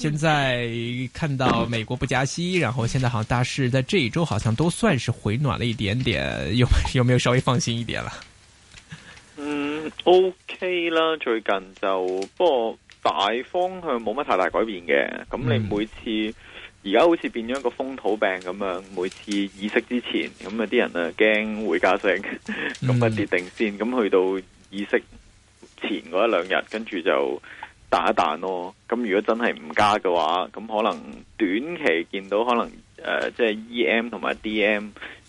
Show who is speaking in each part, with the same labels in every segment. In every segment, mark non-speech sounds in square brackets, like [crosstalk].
Speaker 1: 現在看到美國不加息，然後現在好像大市在這一周好像都算是回暖了一點點，有有沒有稍微放心一點啦？
Speaker 2: 嗯，OK 啦，最近就不過大方向冇乜太大改變嘅，咁你每次而家、嗯、好似變咗一個風土病咁樣，每次議息之前咁啊啲人啊驚會加息，咁啊跌定先，咁去到議息前嗰一兩日，跟住就。彈一彈咯、哦，咁如果真係唔加嘅話，咁可能短期見到可能誒、即、呃、係、就是、E M 同埋 D M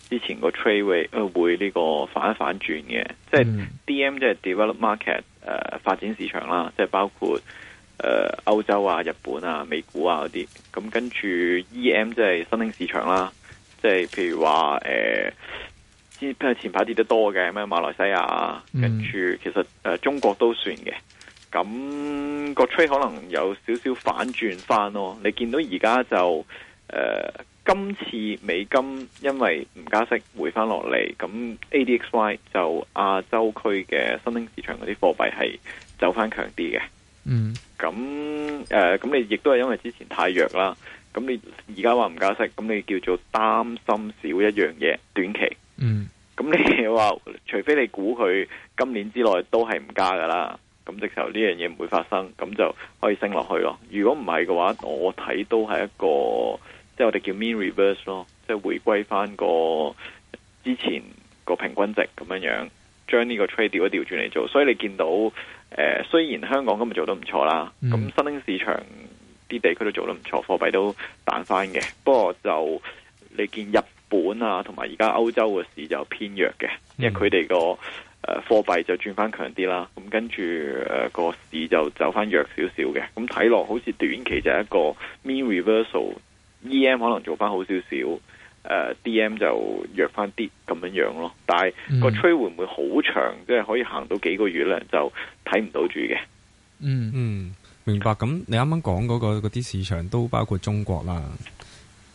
Speaker 2: 之前個 trade 會呢、呃、個反一反轉嘅。即、就、係、是、D M 即係 develop market 誒、呃、發展市場啦，即、就、係、是、包括誒、呃、歐洲啊、日本啊、美股啊嗰啲。咁跟住 E M 即係新興市場啦，即、就、係、是、譬如話誒、呃，前排跌得多嘅咩馬來西亞、啊、跟、嗯、住其實誒、呃、中國都算嘅。咁、那個 trade 可能有少少反轉翻咯。你見到而家就誒、呃，今次美金因為唔加息回翻落嚟，咁 ADXY 就亞洲區嘅新興市場嗰啲貨幣係走翻強啲嘅。嗯，咁、呃、誒，咁你亦都係因為之前太弱啦。咁你而家話唔加息，咁你叫做擔心少一樣嘢，短期
Speaker 3: 嗯，
Speaker 2: 咁你話除非你估佢今年之內都係唔加噶啦。咁直頭呢樣嘢唔會發生，咁就可以升落去咯。如果唔係嘅話，我睇都係一個，即係我哋叫 mean reverse 咯，即係回歸翻個之前個平均值咁樣樣，將呢個 trade 調一調轉嚟做。所以你見到、呃、雖然香港今日做得唔錯啦，咁、嗯、新興市場啲地區都做得唔錯，貨幣都彈翻嘅。不過就你見日本啊，同埋而家歐洲嘅市就偏弱嘅、嗯，因為佢哋個。誒、呃、貨幣就轉翻強啲啦，咁、嗯、跟住誒個市就走翻弱少少嘅。咁睇落好似短期就係一個 mean reversal，E M 可能做翻好少少，誒、呃、D M 就弱翻啲咁樣樣咯。但係個 trade 會唔會好長，嗯、即係可以行到幾個月咧？就睇唔到住嘅。
Speaker 3: 嗯嗯，
Speaker 4: 明白。咁你啱啱講嗰個嗰啲市場都包括中國啦。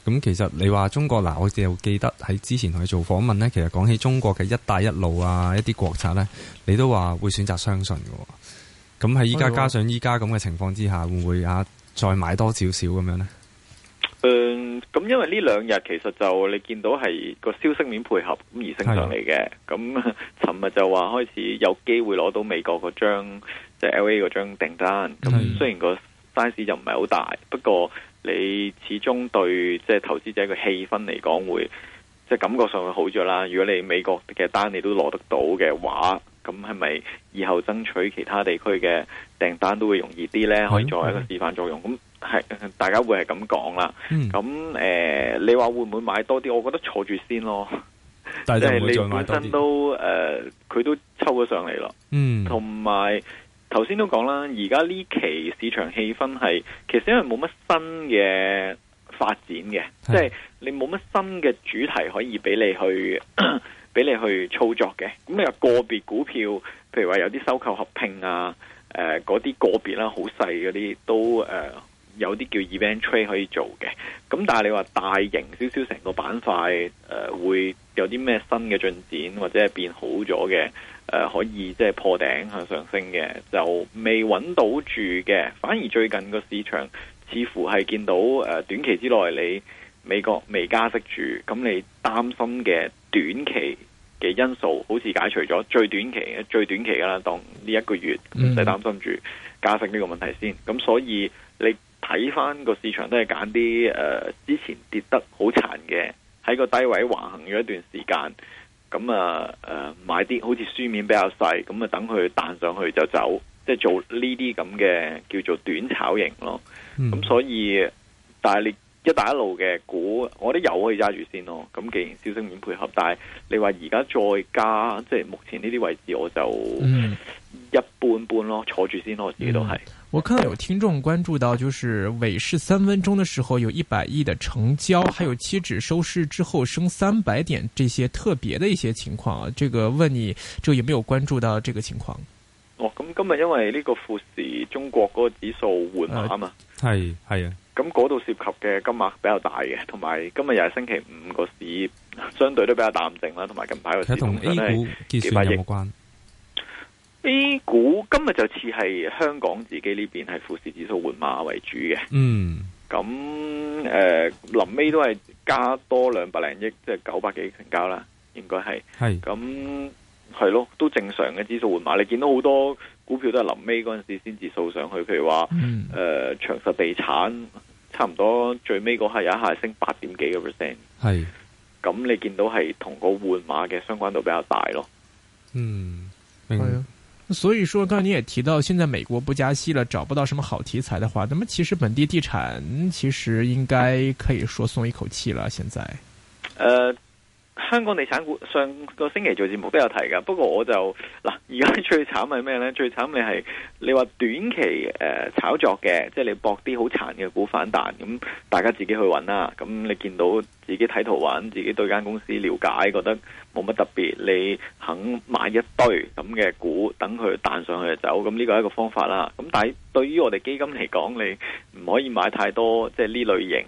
Speaker 4: 咁其實你話中國嗱，我又記得喺之前去做訪問咧，其實講起中國嘅一帶一路啊，一啲國策咧，你都話會選擇相信喎。咁喺依家加上依家咁嘅情況之下，會唔會啊再買多少少咁樣呢？
Speaker 2: 嗯，咁因為呢兩日其實就你見到係個消息面配合咁而升上嚟嘅。咁尋日就話開始有機會攞到美國嗰張即、就係、L A 嗰張訂單。咁雖然個 size 就唔係好大，不過。你始終對即係投資者嘅氣氛嚟講，會即係感覺上會好咗啦。如果你美國嘅單你都攞得到嘅話，咁係咪以後爭取其他地區嘅訂單都會容易啲呢？可以作為一個示範作用。咁係大家會係咁講啦。咁、嗯、誒、呃，你話會唔會買多啲？我覺得坐住先咯。
Speaker 3: 即係、呃、你本身
Speaker 2: 都誒，佢、呃、都抽咗上嚟咯。嗯，同埋。頭先都講啦，而家呢期市場氣氛係，其實因為冇乜新嘅發展嘅，即係你冇乜新嘅主題可以俾你去，俾你去操作嘅。咁你有個別股票，譬如話有啲收購合併啊，誒嗰啲個別啦、啊，好細嗰啲都誒。呃有啲叫 event trade 可以做嘅，咁但係你話大型少少成個板塊，誒、呃、會有啲咩新嘅進展或者係變好咗嘅，誒、呃、可以即係破頂向上升嘅，就未揾到住嘅，反而最近個市場似乎係見到誒短期之內你美國未加息住，咁你擔心嘅短期嘅因素好似解除咗，最短期最短期㗎啦，當呢一個月唔使擔心住、嗯、加息呢個問題先，咁所以你。睇翻個市場都係揀啲誒之前跌得好殘嘅，喺個低位橫行咗一段時間，咁啊誒買啲好似書面比較細，咁啊等佢彈上去就走，即係做呢啲咁嘅叫做短炒型咯。咁、嗯、所以，但係你一帶一路嘅股，我覺得有可以揸住先咯。咁既然消息面配合，但係你話而家再加，即係目前呢啲位置，我就一般般咯，坐住先咯，自己都
Speaker 1: 係。嗯嗯我看到有聽眾關注到，就是尾市三分鐘的時候有一百億的成交，還有期指收市之後升三百點，這些特別的一些情況啊。這個問你就有沒有關注到這個情況？
Speaker 2: 哦，咁、嗯、今日因為呢個富時中國嗰個指數換馬啊嘛，
Speaker 4: 係係啊，
Speaker 2: 咁嗰度涉及嘅金額比較大嘅，同埋今日又係星期五個市，相對都比較淡靜啦，同埋近排個。其實同 A 股
Speaker 4: 結算有冇關？
Speaker 2: A 股今日就似係香港自己呢邊係富時指數換馬為主嘅，嗯，咁誒臨尾都係加多兩百零億，即係九百幾億成交啦，應該係，係，咁係咯，都正常嘅指數換馬，你見到好多股票都係臨尾嗰陣時先至掃上去，譬如話，誒、嗯呃、長實地產，差唔多最尾嗰下有一下升八點幾個 percent，係，咁你見到係同個換馬嘅相關度比較大咯，嗯，
Speaker 1: 明白。所以說，剛才你也提到，現在美國不加息了，找不到什麼好題材的話，那麼其實本地地產其實應該可以說鬆一口氣了。現在，
Speaker 2: 呃。香港地產股上個星期做節目都有提噶，不過我就，嗱，而家最慘係咩呢？最慘你係你話短期誒炒作嘅，即係你搏啲好殘嘅股反彈，咁大家自己去揾啦。咁你見到自己睇圖揾，自己對間公司了解，覺得冇乜特別，你肯買一堆咁嘅股等佢彈上去走，咁呢個係一個方法啦。咁但係對於我哋基金嚟講，你唔可以買太多即係呢類型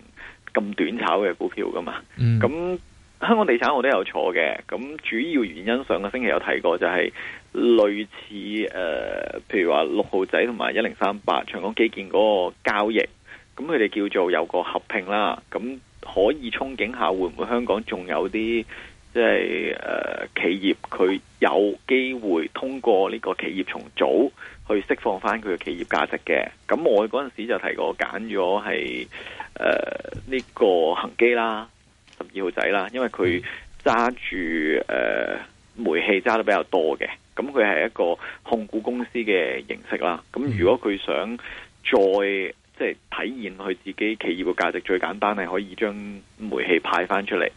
Speaker 2: 咁短炒嘅股票噶嘛。咁、嗯香港地產我都有坐嘅，咁主要原因上個星期有提過，就係類似誒、呃，譬如話六號仔同埋一零三八長江基建嗰個交易，咁佢哋叫做有個合併啦，咁可以憧憬下會唔會香港仲有啲即係誒企業佢有機會通過呢個企業重組去釋放翻佢嘅企業價值嘅，咁我嗰陣時就提過揀咗係誒呢個恒基啦。十二號仔啦，因為佢揸住誒煤氣揸得比較多嘅，咁佢係一個控股公司嘅形式啦。咁如果佢想再即係、就是、體現佢自己企業嘅價值，最簡單係可以將煤氣派翻出嚟，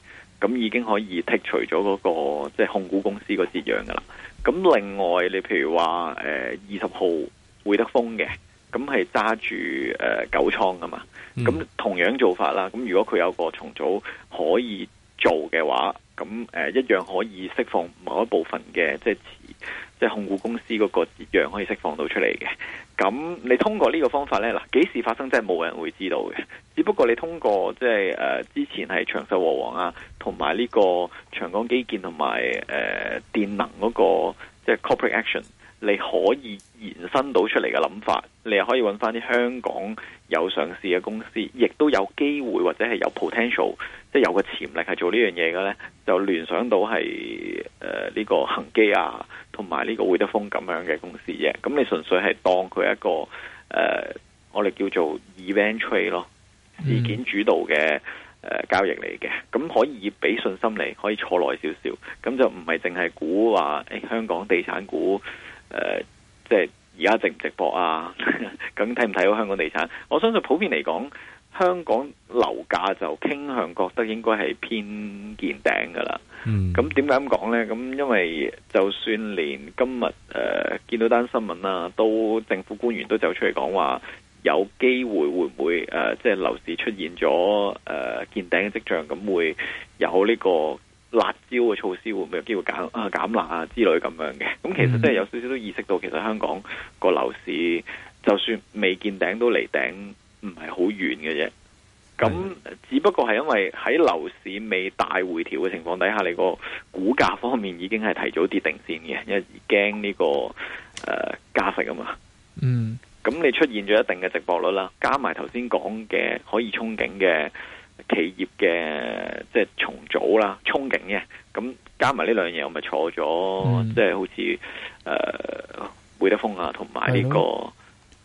Speaker 2: 咁已經可以剔除咗嗰、那個即係、就是、控股公司個折讓噶啦。咁另外你譬如話誒二十號會德豐嘅。咁係揸住誒九倉噶嘛，咁同樣做法啦。咁如果佢有個重組可以做嘅話，咁、呃、一樣可以釋放某一部分嘅即係即係控股公司嗰個量可以釋放到出嚟嘅。咁你通過呢個方法呢，嗱幾時發生真係冇人會知道嘅。只不過你通過即係誒、呃、之前係長實和黃啊，同埋呢個長江基建同埋誒電能嗰、那個即係 corporate action。你可以延伸到出嚟嘅諗法，你又可以揾翻啲香港有上市嘅公司，亦都有機會或者係有 potential，即係有個潛力係做呢樣嘢嘅咧，就聯想到係誒呢個恒基啊，同埋呢個會德豐咁樣嘅公司嘅，咁你純粹係當佢一個誒、呃、我哋叫做 event trade 咯，事件主導嘅誒、呃、交易嚟嘅，咁可以俾信心，你可以坐耐少少，咁就唔係淨係估話誒香港地產股。誒、呃，即係而家值唔值博啊？咁睇唔睇到香港地產？我相信普遍嚟講，香港樓價就傾向覺得應該係偏見頂噶啦。嗯，咁點解咁講呢？咁因為就算連今日誒、呃、見到單新聞啦，都政府官員都走出嚟講話，有機會會唔會誒、呃，即係樓市出現咗誒、呃、見頂嘅跡象？咁會有呢、這個？辣椒嘅措施會唔會有機會減啊減辣啊之類咁樣嘅？咁其實真係有少少都意識到，其實香港個樓市就算未見頂都離頂唔係好遠嘅啫。咁只不過係因為喺樓市未大回調嘅情況底下，你個股價方面已經係提早跌定線嘅，因為驚呢、呢個誒、呃、加息啊嘛。嗯。咁你出現咗一定嘅直播率啦，加埋頭先講嘅可以憧憬嘅。企業嘅即係重組啦、憧憬嘅，咁加埋呢兩樣嘢我咪錯咗，嗯、即係好似誒會德豐啊，同埋呢個。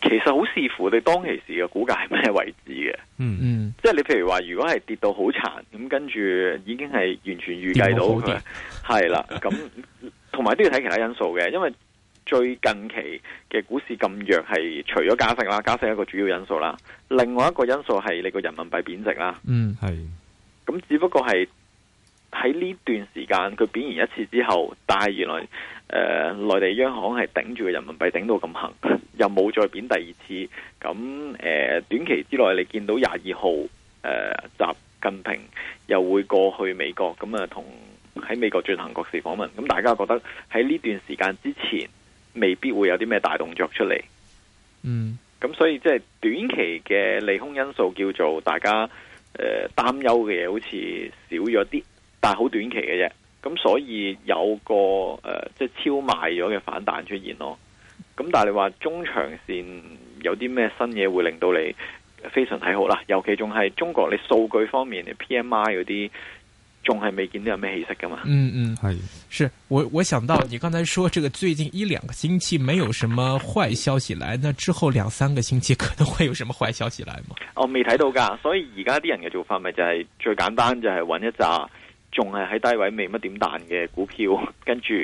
Speaker 2: 其實好視乎你當其時嘅股價係咩位置嘅。嗯嗯，即係你譬如話，如果係跌到好殘，咁跟住已經係完全預計到佢係啦，咁同埋都要睇其他因素嘅，因為最近期嘅股市咁弱，係除咗加息啦，加息一個主要因素啦，另外一個因素係你個人民幣貶值啦，
Speaker 3: 嗯係，
Speaker 2: 咁只不過係。喺呢段時間佢貶完一次之後，但係原來誒內地央行係頂住個人民幣頂到咁行，又冇再貶第二次。咁誒短期之內你見到廿二號誒習近平又會過去美國，咁啊同喺美國進行國事訪問。咁大家覺得喺呢段時間之前，未必會有啲咩大動作出嚟。嗯，咁所以即係短期嘅利空因素叫做大家誒擔憂嘅嘢好似少咗啲。係好短期嘅啫，咁所以有個誒、呃、即係超賣咗嘅反彈出現咯。咁但係你話中長線有啲咩新嘢會令到你非常睇好啦？尤其仲係中國，你數據方面嘅 PMI 嗰啲仲係未見到有咩氣息噶嘛？嗯
Speaker 1: 嗯係。是我我想到你剛才說，這個最近一兩個星期沒有什麼壞消息來，那之後兩三個星期可能會有什麼壞消息來嘛？
Speaker 2: 我未睇到噶，所以而家啲人嘅做法咪就係、是、最簡單，就係揾一紮。仲係喺低位未乜點彈嘅股票，跟住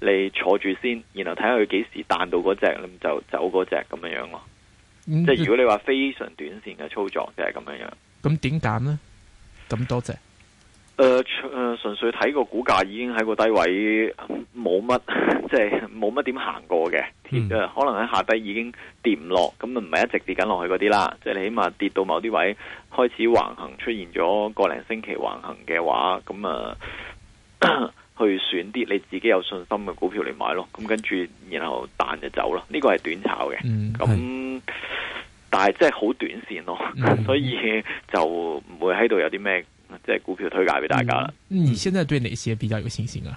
Speaker 2: 你坐住先，然後睇下佢幾時彈到嗰隻，咁就走嗰隻咁樣樣咯、嗯。即係如果你話非常短線嘅操作，就係咁樣樣。
Speaker 1: 咁點揀咧？咁、嗯、多謝。
Speaker 2: 誒、呃，純粹睇個股價已經喺個低位，冇乜，即係冇乜點行過嘅、嗯，可能喺下低已經跌唔落，咁啊唔係一直跌緊落去嗰啲啦，即係你起碼跌到某啲位開始橫行，出現咗個零星期橫行嘅話，咁啊、呃，去選啲你自己有信心嘅股票嚟買咯，咁跟住然後彈就走咯，呢、這個係短炒嘅，咁、嗯、但係即係好短線咯，嗯、 [laughs] 所以就唔會喺度有啲咩。即係股票推介俾大家啦，
Speaker 1: 嗯。你現在對哪些比較有信心啊？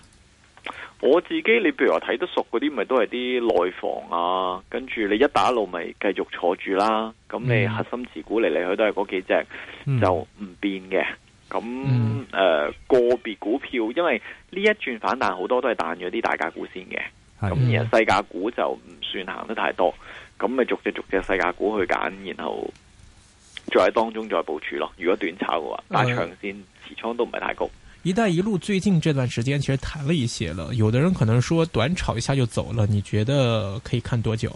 Speaker 2: 我自己，你譬如話睇得熟嗰啲，咪都係啲內房啊。跟住你一打一路咪繼續坐住啦。咁、嗯、你核心持股嚟嚟去都係嗰幾隻、嗯，就唔變嘅。咁誒、
Speaker 3: 嗯
Speaker 2: 呃，個別股票，因為呢一轉反彈，好多都係彈咗啲大價股先嘅。
Speaker 3: 咁、嗯、而細
Speaker 2: 價股就唔算行得太多。咁咪逐隻逐隻細價股去揀，然後。再當中再部署咯，如果短炒嘅話，但係長線持、嗯、倉都唔係太高。
Speaker 1: 一帶一路最近這段時間其實談了一些了，有的人可能說短炒一下就走了，你覺得可以看多久？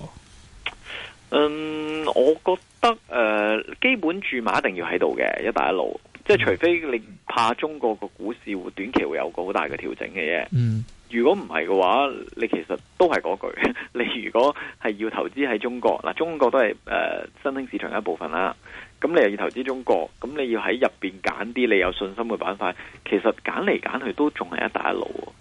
Speaker 2: 嗯，我覺得誒、呃，基本注碼一定要喺度嘅一帶一路，即、嗯、係除非你怕中國個股市會短期會有個好大嘅調整嘅啫。嗯。如果唔係嘅話，你其實都係嗰句。你如果係要投資喺中國嗱，中國都係誒、呃、新興市場一部分啦。咁你又要投資中國，咁你要喺入邊揀啲你有信心嘅板塊。其實揀嚟揀去都仲係一帶一路的、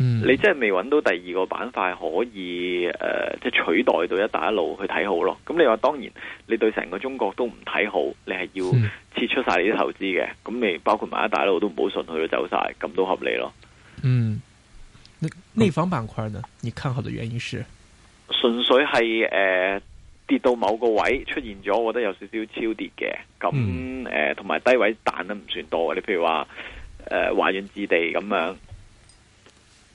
Speaker 2: 嗯。你真係未揾到第二個板塊可以誒，即、呃、係取代到一帶一路去睇好咯。咁你話當然，你對成個中國都唔睇好，你係要撤出晒你啲投資嘅。咁、嗯、你包括埋一帶一路都唔好順去走晒，咁都合理咯。嗯。
Speaker 1: 內內房板塊呢、嗯？你看好的原因是
Speaker 2: 純粹係誒、呃、跌到某個位出現咗，我覺得有少少超跌嘅。咁誒同埋低位彈得唔算多。你譬如話誒華潤置地咁樣，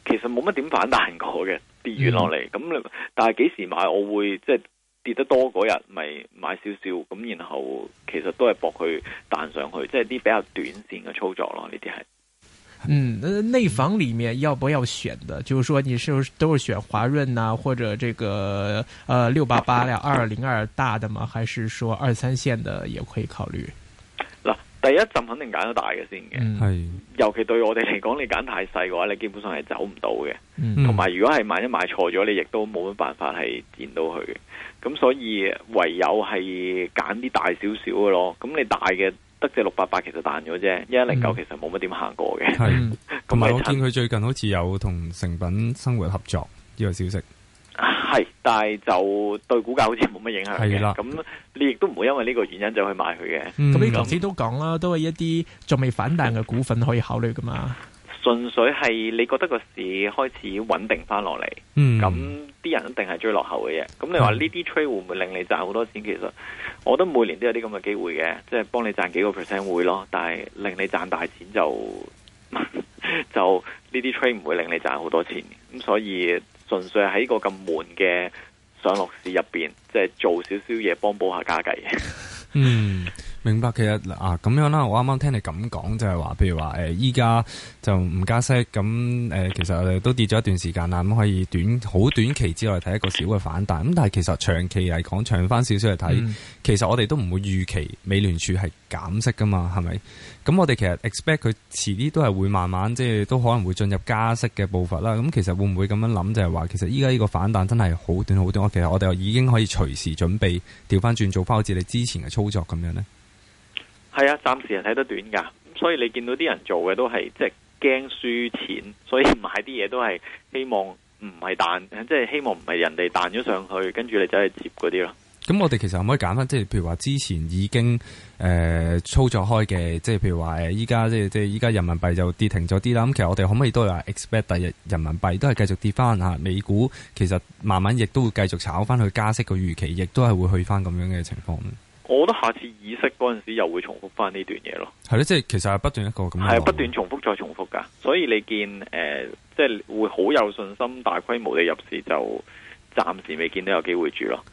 Speaker 2: 其實冇乜點反彈過嘅，跌完落嚟。咁、嗯、但係幾時買？我會即係跌得多嗰日咪買少少。咁然後其實都係搏佢彈上去，即係啲比較短線嘅操作咯。呢啲係。
Speaker 1: 嗯，內房裏面要不要選的？就是說你是不是都是選華潤啊，或者這個，呃，六八八呀、二二零二大的嗎？還是說二三線的也可以考慮？
Speaker 2: 第一陣肯定揀到大嘅先嘅，係、嗯，尤其對我哋嚟講，你揀太細嘅話，你基本上係走唔到嘅，同、嗯、埋如果係萬一買錯咗，你亦都冇乜辦法係見到佢嘅，咁所以唯有係揀啲大少少嘅咯，咁你大嘅。得隻六八八其實彈咗啫，一零九其實冇乜點行過嘅。係、嗯，
Speaker 4: 同埋我見佢最近好似有同成品生活合作呢個消息。
Speaker 2: 係，但係就對股價好似冇乜影響嘅。係啦，咁你亦都唔會因為呢個原因就去買佢嘅。咁、嗯、你頭先
Speaker 1: 都講啦，都係一啲仲未反彈嘅股份可以考慮噶嘛。
Speaker 2: 純粹係你覺得個市開始穩定翻落嚟，咁、嗯、啲人一定係追落後嘅嘢。咁你話呢啲 Trade 會唔會令你賺好多錢、嗯？其實，我覺得每年都有啲咁嘅機會嘅，即係幫你賺幾個 percent 會咯。但係令你賺大錢就 [laughs] 就呢啲 Trade 唔會令你賺好多錢。咁所以純粹係喺個咁悶嘅上落市入邊，即係做少少嘢幫補下家計。嗯。
Speaker 4: 明白，其實啊咁樣啦。我啱啱聽你咁講，就係話，譬如話誒，依家就唔加息咁誒，其實我哋都跌咗一段時間啦。咁可以短好短期之內睇一個小嘅反彈，咁但係其實長期嚟講，長翻少少嚟睇，嗯、其實我哋都唔會預期美聯儲係減息噶嘛，係咪？咁我哋其實 expect 佢遲啲都係會慢慢即係都可能會進入加息嘅步伐啦。咁其實會唔會咁樣諗，就係話其實依家呢個反彈真係好短好短？其實我哋已經可以隨時準備調翻轉做翻好似你之前嘅操作咁樣呢。
Speaker 2: 係啊，暫時係睇得短噶，所以你見到啲人做嘅都係即係驚輸錢，所以買啲嘢，都係希望唔係彈，即係希望唔係人哋彈咗上去，跟住你走去接嗰啲咯。
Speaker 4: 咁我哋其實可唔可以揀翻，即係譬如話之前已經誒、呃、操作開嘅，即係譬如話誒依家即係即係依家人民幣就跌停咗啲啦。咁其實我哋可唔可以都有 expect 第日人民幣都係繼續跌翻吓？美股其實慢慢亦都會繼續炒翻去加息個預期，亦都係會去翻咁樣嘅情況。
Speaker 2: 我覺得下次意識嗰陣時，又會重複翻呢段嘢咯。
Speaker 4: 係咯，即係其實係不斷一個咁。係不斷
Speaker 2: 重複再重複噶，所以你見誒、呃，即係會好有信心大規模地入市，就暫時未見到有機會住咯。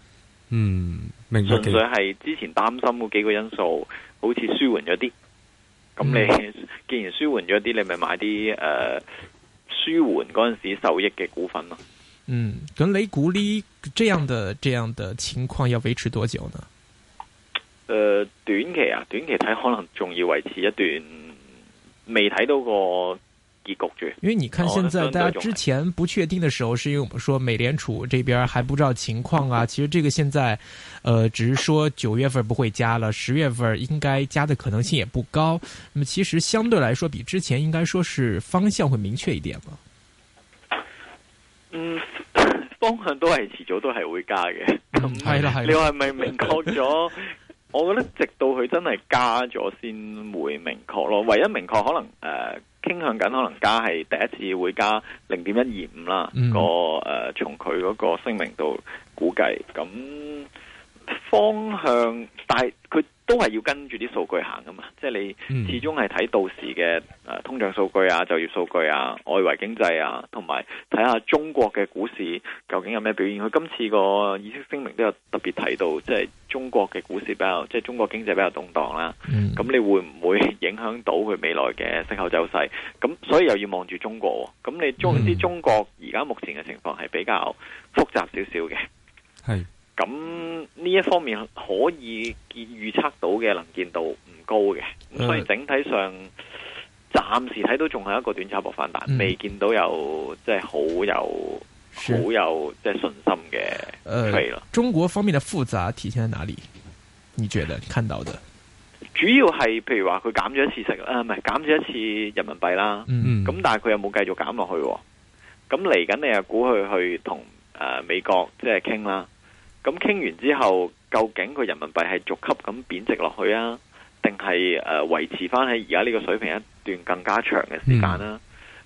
Speaker 2: 嗯，
Speaker 3: 明白。純粹
Speaker 2: 係之前擔心嗰幾個因素，好似舒緩咗啲。咁你既然舒緩咗啲，你咪買啲誒舒緩嗰陣時受益嘅股份咯。嗯，
Speaker 1: 咁你估呢這樣的這樣的，這樣的情況要維持多久呢？
Speaker 2: 呃短期啊，短期睇可能仲要維持一段未睇到個結局住。因為你看現在，大家之前
Speaker 1: 不確定的時候，是因為我們說美聯儲這邊還不知道情況啊。其實這個現在，呃只是說九月份不會加了，十月份應該加的可能性也不高。那麼，嗯，其實相對來說，比之前應該說是方向會明確一點吧。嗯，
Speaker 2: 方向都係遲早都係會加嘅。咁係啦，係啦，你話係咪明確咗？我覺得直到佢真係加咗先會明確咯，唯一明確可能誒、呃、傾向緊，可能加係第一次會加零點一二五啦。個誒從佢嗰個聲明度估計咁。方向，但係佢都係要跟住啲數據行噶嘛，即係你始終係睇到時嘅誒通脹數據啊、就業數據啊、外圍經濟啊，同埋睇下中國嘅股市究竟有咩表現。佢今次個議息聲明都有特別提到，即係中國嘅股市比較，即係中國經濟比較動盪啦。咁、嗯、你會唔會影響到佢未來嘅息口走勢？咁所以又要望住中國。咁你中啲、嗯、中國而家目前嘅情況係比較複雜少少嘅，係。咁呢一方面可以見預測到嘅能見度唔高嘅，
Speaker 3: 所、呃、以整
Speaker 2: 體上暫時睇到仲係一個短炒薄反彈，未見到有即係好有好有即係信心嘅。
Speaker 1: 啦、呃、中國方面嘅複雜體現在哪裏？你覺得看到嘅
Speaker 2: 主要係譬如話佢減咗一次息誒，唔係減咗一次人民幣啦，咁、嗯嗯、但係佢又冇繼續減落去，咁嚟緊你又估佢去同誒、呃、美國即係傾啦。咁傾完之後，究竟個人民幣係逐級咁貶值落去啊，定係誒維持翻喺而家呢個水平一段更加長嘅時間啦、啊？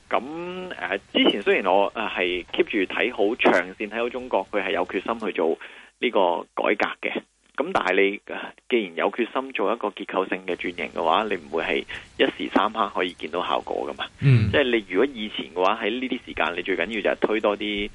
Speaker 2: 咁、嗯呃、之前雖然我係 keep 住睇好長線，睇好中國，佢係有決心去做呢個改革嘅。咁但係你、呃、既然有決心做一個結構性嘅轉型嘅話，你唔會係一時三刻可以見到效果㗎嘛？嗯、即係你如果以前嘅話，喺呢啲時間，你最緊要就係推多啲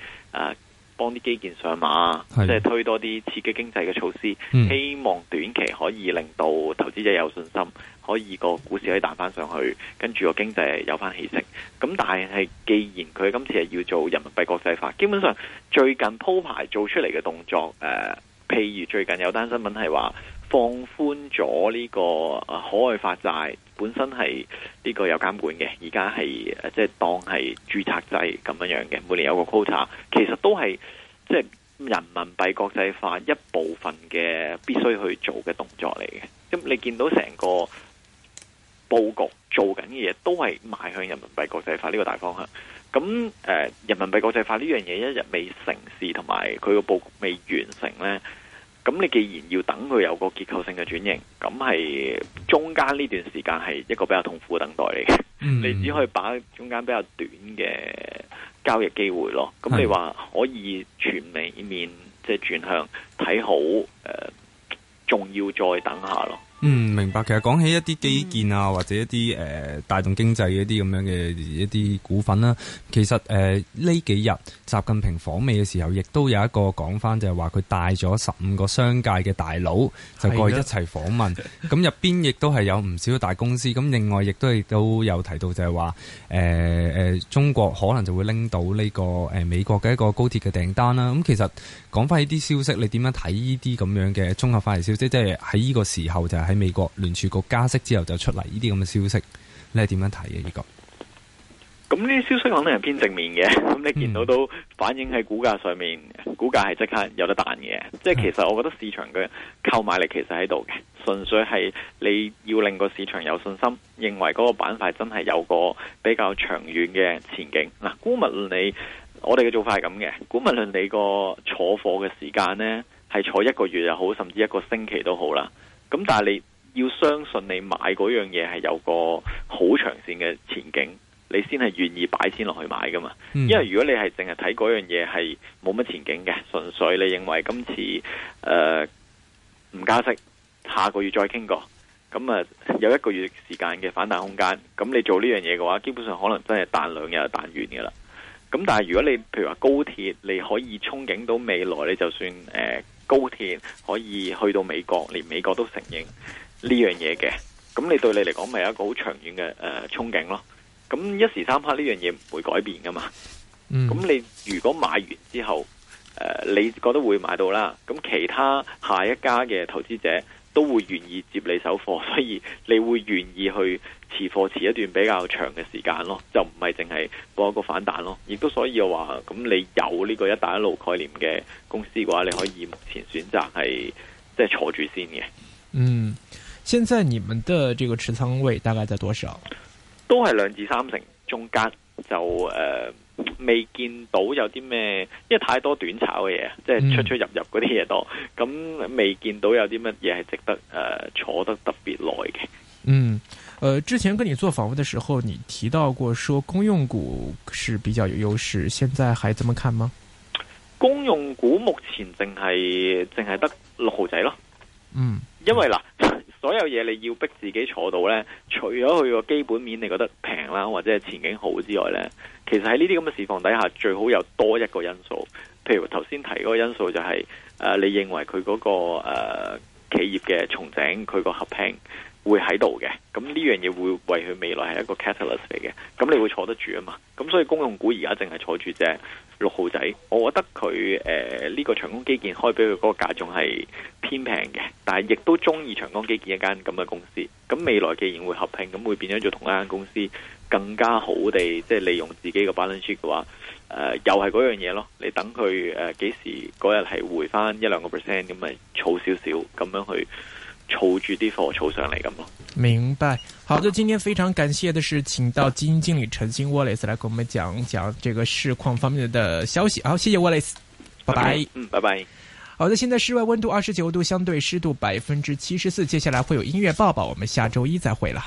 Speaker 2: 幫啲基建上馬，即、就、係、是、推多啲刺激經濟嘅措施，嗯、希望短期可以令到投資者有信心，可以個股市可以彈翻上去，跟住個經濟有翻起色。咁但係既然佢今次係要做人民幣國際化，基本上最近鋪排做出嚟嘅動作、呃，譬如最近有單新聞係話放寬咗呢個海外發債。本身係呢、這個有監管嘅，而家係即係當係註冊制咁樣樣嘅，每年有個 quota，其實都係即係人民幣國際化一部分嘅必須去做嘅動作嚟嘅。咁你見到成個布局做緊嘅嘢都係邁向人民幣國際化呢個大方向。咁誒、呃，人民幣國際化呢樣嘢一日未成事，同埋佢個布局未完成咧。咁你既然要等佢有個結構性嘅轉型，咁係中間呢段時間係一個比較痛苦嘅等待嚟嘅、嗯，你只可以把中間比較短嘅交易機會咯。咁你話可以全面面即係轉向睇好，呃、仲要再等下咯。
Speaker 4: 嗯，明白。其實講起一啲基建啊，或者一啲誒帶動經濟一啲咁樣嘅一啲股份啦、啊，其實誒呢、呃、幾日習近平訪美嘅時候，亦都有一個講翻，就係話佢帶咗十五個商界嘅大佬就過去一齊訪問。咁入邊亦都係有唔少大公司。咁 [laughs] 另外亦都亦都有提到就係話，就係話誒誒，中國可能就會拎到呢、呢個誒、呃、美國嘅一個高鐵嘅訂單啦、啊。咁其實講翻呢啲消息，你點樣睇呢啲咁樣嘅綜合化嘅消息？即係喺呢個時候就係、係。喺美國聯儲局加息之後就出嚟呢啲咁嘅消息，你係點樣睇嘅呢個？
Speaker 2: 咁呢啲消息肯定係偏正面嘅。咁你見到都反映喺股價上面，股價係即刻有得彈嘅。嗯、即係其實我覺得市場嘅購買力其實喺度嘅，純粹係你要令個市場有信心，認為嗰個板塊真係有個比較長遠嘅前景。嗱，沽物論你，我哋嘅做法係咁嘅。沽物論你個坐貨嘅時間呢，係坐一個月又好，甚至一個星期都好啦。咁但係你要相信你買嗰樣嘢係有個好長線嘅前景，你先係願意擺錢落去買噶嘛、嗯？因為如果你係淨係睇嗰樣嘢係冇乜前景嘅，純粹你認為今次誒唔、呃、加息，下個月再傾過，咁啊有一個月時間嘅反彈空間，咁你做呢樣嘢嘅話，基本上可能真係彈兩日就彈完㗎啦。咁但係如果你譬如話高鐵，你可以憧憬到未來，你就算誒、呃、高鐵可以去到美國，連美國都承認呢樣嘢嘅，咁你對你嚟講，咪有一個好長遠嘅誒憧憬咯。咁一時三刻呢樣嘢唔會改變噶嘛。
Speaker 3: 咁、嗯、你
Speaker 2: 如果買完之後，誒、呃、你覺得會買到啦，咁其他下一家嘅投資者。都會願意接你手貨，所以你會願意去持貨持一段比較長嘅時間咯，就唔係淨係攞一個反彈咯。亦都所以話，咁你有呢個一帶一路概念嘅公司嘅話，你可以目前選擇係即係坐住先嘅。嗯，
Speaker 1: 現在你們的這個持倉位大概在多少？
Speaker 2: 都係兩至三成中間。就誒，未、呃、見到有啲咩，因為太多短炒嘅嘢，即係出出入入嗰啲嘢多，咁、嗯、未見到有啲乜嘢係值得誒、呃、坐得特別耐嘅。嗯，
Speaker 1: 誒、呃，之前跟你做訪問嘅時候，你提到過說公用股是比較有優勢，現在還這麼看嗎？
Speaker 2: 公用股目前淨係淨係得六號仔咯。嗯，因為嗱，啦所有嘢，你要逼自己坐到呢，除咗佢個基本面你覺得平啦，或者係前景好之外呢，其實喺呢啲咁嘅市況底下，最好有多一個因素，譬如頭先提嗰個因素就係、是，誒、呃，你認為佢嗰、那個誒、呃、企業嘅重整佢個合併。會喺度嘅，咁呢樣嘢會為佢未來係一個 catalyst 嚟嘅。咁你會坐得住啊嘛，咁所以公用股而家淨係坐住隻六號仔，我覺得佢誒呢個長江基建開俾佢嗰個價仲係偏平嘅，但係亦都中意長江基建一間咁嘅公司，咁未來既然會合併，咁會變咗做同一間公司更加好地，即係利用自己個 balance sheet 嘅話，誒又係嗰樣嘢咯，你等佢誒幾時嗰日係回翻一兩個 percent 咁咪儲少少咁樣去。儲住啲貨儲上嚟，咁
Speaker 1: 嘛，明白，好的，今天非常感謝的是，請到基金經理陳昕 Wallace 來跟我們講講這個市況方面的消息。好，謝謝 Wallace，okay. 拜拜，嗯，拜拜。好的，現在室外温度二十九度，相對濕度百分之七十四。接下來會有音樂報報，我們下周一再會喇。